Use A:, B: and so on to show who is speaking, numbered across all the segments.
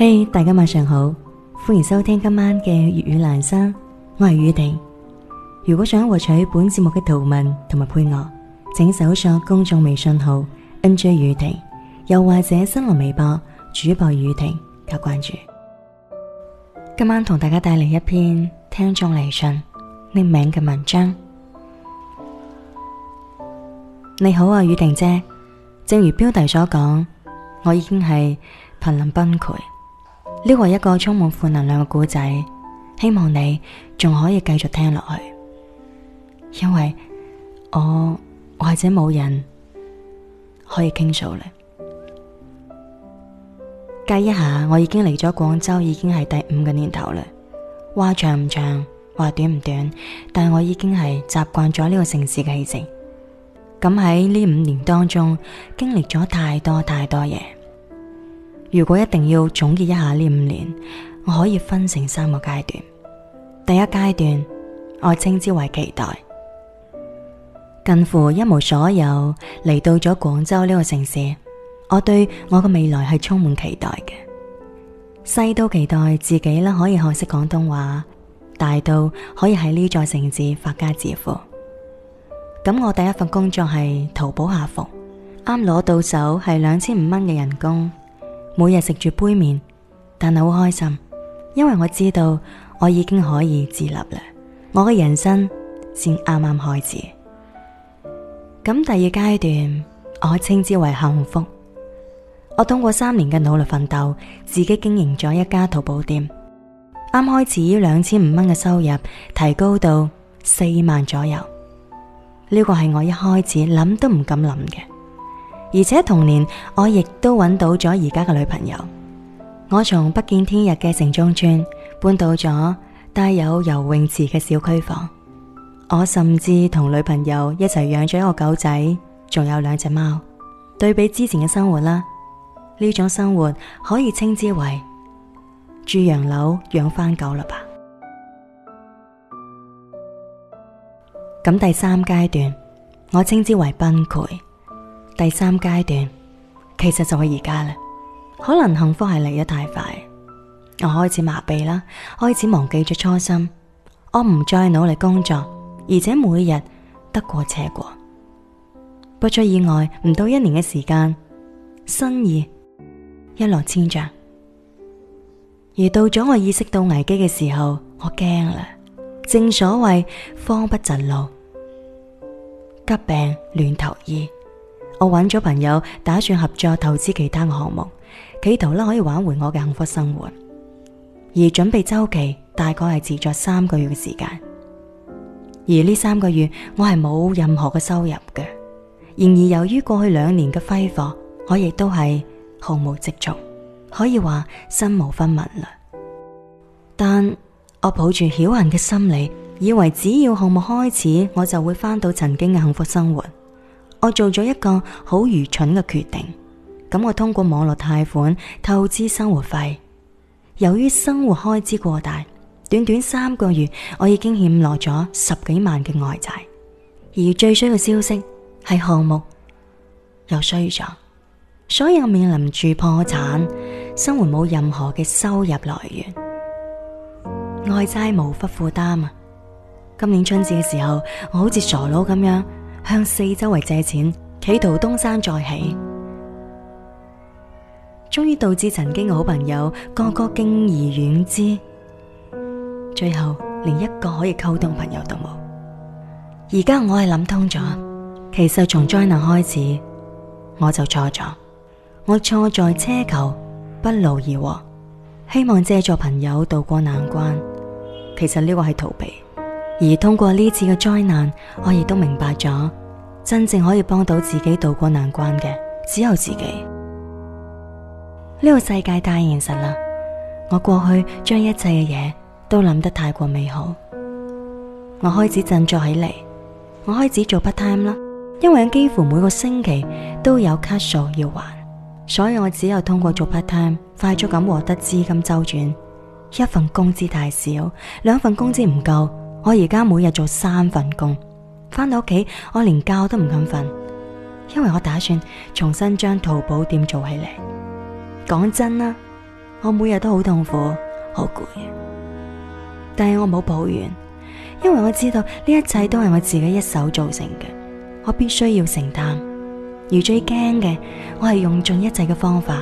A: 嘿，hey，大家晚上好，歡迎收聽今晚嘅粵語闌珊，我係宇婷。如果想獲取本節目嘅圖文同埋配樂，請搜索公眾微信號 NJ 宇婷，又或者新浪微博主播宇婷，加關注。今晚同大家帶嚟一篇聽眾嚟信匿名嘅文章。你好啊，宇婷姐，正如標題所講，我已經係瀕臨崩潰。呢個一個充滿負能量嘅故仔，希望你仲可以繼續聽落去，因為我或者冇人可以傾訴咧。計一下，我已經嚟咗廣州已經係第五個年頭啦。話長唔長，話短唔短，但係我已經係習慣咗呢個城市嘅氣息。咁喺呢五年當中，經歷咗太多太多嘢。如果一定要總結一下呢五年，我可以分成三個階段。第一階段，我稱之為期待，近乎一無所有嚟到咗廣州呢個城市，我對我個未來係充滿期待嘅。細到期待自己啦可以學識廣東話，大到可以喺呢座城市發家致富。咁我第一份工作係淘寶客服，啱攞到手係兩千五蚊嘅人工。每日食住杯麵，但係好開心，因為我知道我已經可以自立啦。我嘅人生先啱啱開始。咁第二階段，我稱之為幸福。我通過三年嘅努力奮鬥，自己經營咗一家淘寶店，啱開始要兩千五蚊嘅收入，提高到四萬左右。呢個係我一開始諗都唔敢諗嘅。而且同年，我亦都揾到咗而家嘅女朋友。我從不見天日嘅城中村搬到咗帶有游泳池嘅小區房。我甚至同女朋友一齊養咗一個狗仔，仲有兩隻貓。對比之前嘅生活啦，呢種生活可以稱之為住洋樓養番狗嘞吧。咁第三階段，我稱之為崩潰。第三階段，其實就係而家啦，可能幸福係嚟得太快，我開始麻痹啦，開始忘記咗初心，我唔再努力工作，而且每日得過且過，不出意外唔到一年嘅時間，生意一落千丈，而到咗我意識到危機嘅時候，我驚啦，正所謂慌不擇路，急病亂投醫。我揾咗朋友，打算合作投資其他嘅項目，企圖啦可以挽回我嘅幸福生活。而準備周期大概係持續三個月嘅時間，而呢三個月我係冇任何嘅收入嘅。然而由於過去兩年嘅揮霍，我亦都係毫無積蓄，可以話身無分文啦。但我抱住僥倖嘅心理，以為只要項目開始，我就會翻到曾經嘅幸福生活。我做咗一個好愚蠢嘅決定，咁我通過網絡貸款透支生活費。由於生活開支過大，短短三個月我已經欠落咗十幾萬嘅外債。而最衰嘅消息係項目又衰咗，所以我面臨住破產，生活冇任何嘅收入來源，外債無法負擔啊！今年春節嘅時候，我好似傻佬咁樣。向四周圍借錢，企圖東山再起，終於導致曾經嘅好朋友個個敬而遠之，最後連一個可以溝通朋友都冇。而家我係諗通咗，其實從災難開始我就錯咗，我錯在奢求不勞而獲，希望借助朋友渡過難關，其實呢個係逃避。而通過呢次嘅災難，我亦都明白咗真正可以幫到自己渡過難關嘅只有自己。呢個世界太現實啦！我過去將一切嘅嘢都諗得太過美好，我開始振作起嚟，我開始做 part time 啦。因為幾乎每個星期都有卡數要還，所以我只有通過做 part time 快速咁獲得資金周轉。一份工資太少，兩份工資唔夠。我而家每日做三份工，返到屋企我連覺都唔敢瞓，因為我打算重新將淘寶店做起嚟。講真啦，我每日都好痛苦，好攰，但係我冇抱怨，因為我知道呢一切都係我自己一手造成嘅，我必須要承擔。而最驚嘅，我係用盡一切嘅方法，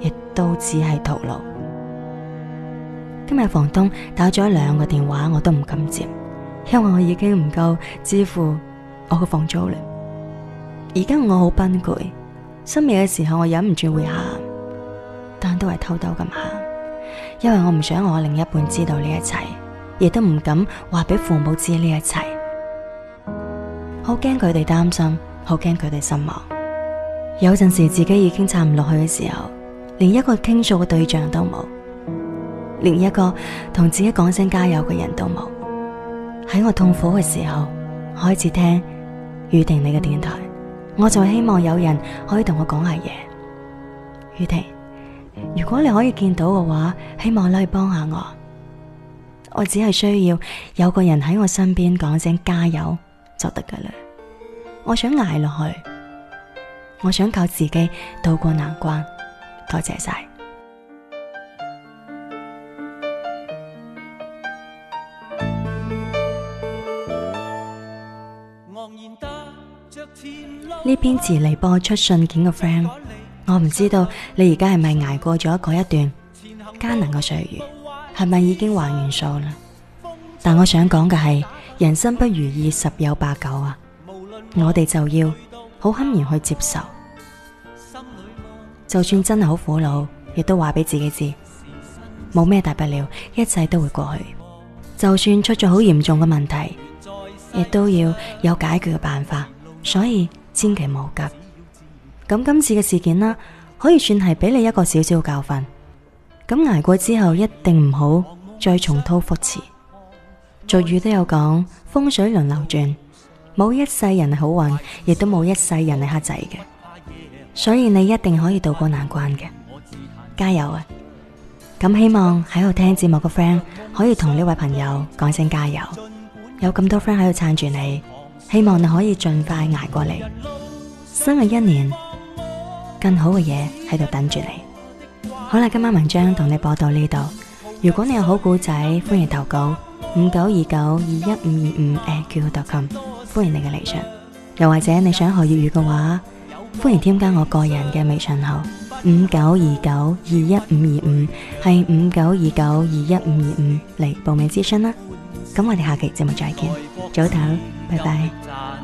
A: 亦都只係徒勞。今日房東打咗兩個電話，我都唔敢接。因為我已經唔夠支付我嘅房租啦，而家我好崩潰。深夜嘅時候，我忍唔住會喊，但都係偷偷咁喊，因為我唔想我另一半知道呢一切，亦都唔敢話俾父母知呢一切。好驚佢哋擔心，好驚佢哋失望。有陣時自己已經撐唔落去嘅時候，連一個傾訴嘅對象都冇，連一個同自己講聲加油嘅人都冇。喺我痛苦嘅時候，開始聽宇婷你嘅電台，我就希望有人可以同我講下嘢。宇婷，如果你可以見到嘅話，希望你可以幫下我。我只係需要有個人喺我身邊講聲加油就得噶啦。我想挨落去，我想靠自己渡過難關。多謝晒。呢篇遲嚟播出信件嘅 friend，我唔知道你而家係咪挨過咗嗰一段艱難嘅歲月，係咪已經還完數啦？但我想講嘅係，人生不如意十有八九啊！我哋就要好坦然去接受，就算真係好苦惱，亦都話俾自己知，冇咩大不了，一切都會過去。就算出咗好嚴重嘅問題，亦都要有解決嘅辦法。所以。千祈冇急，咁今次嘅事件啦，可以算係俾你一個小小教訓。咁挨過之後，一定唔好再重蹈覆轍。俗語都有講，風水輪流轉，冇一世人係好運，亦都冇一世人係黑仔嘅，所以你一定可以渡過難關嘅，加油啊！咁希望喺度聽節目嘅 friend 可以同呢位朋友講聲加油，有咁多 friend 喺度撐住你。希望你可以盡快捱過嚟。新嘅一年，更好嘅嘢喺度等住你。好啦，今晚文章同你播到呢度。如果你有好故仔，歡迎投稿五九二九二一五二五誒，qq，com，歡迎你嘅嚟上，又或者你想學粵語嘅話，歡迎添加我個人嘅微信號五九二九二一五二五係五九二九二一五二五嚟報名諮詢啦。咁我哋下期節目再見，早唞。拜拜。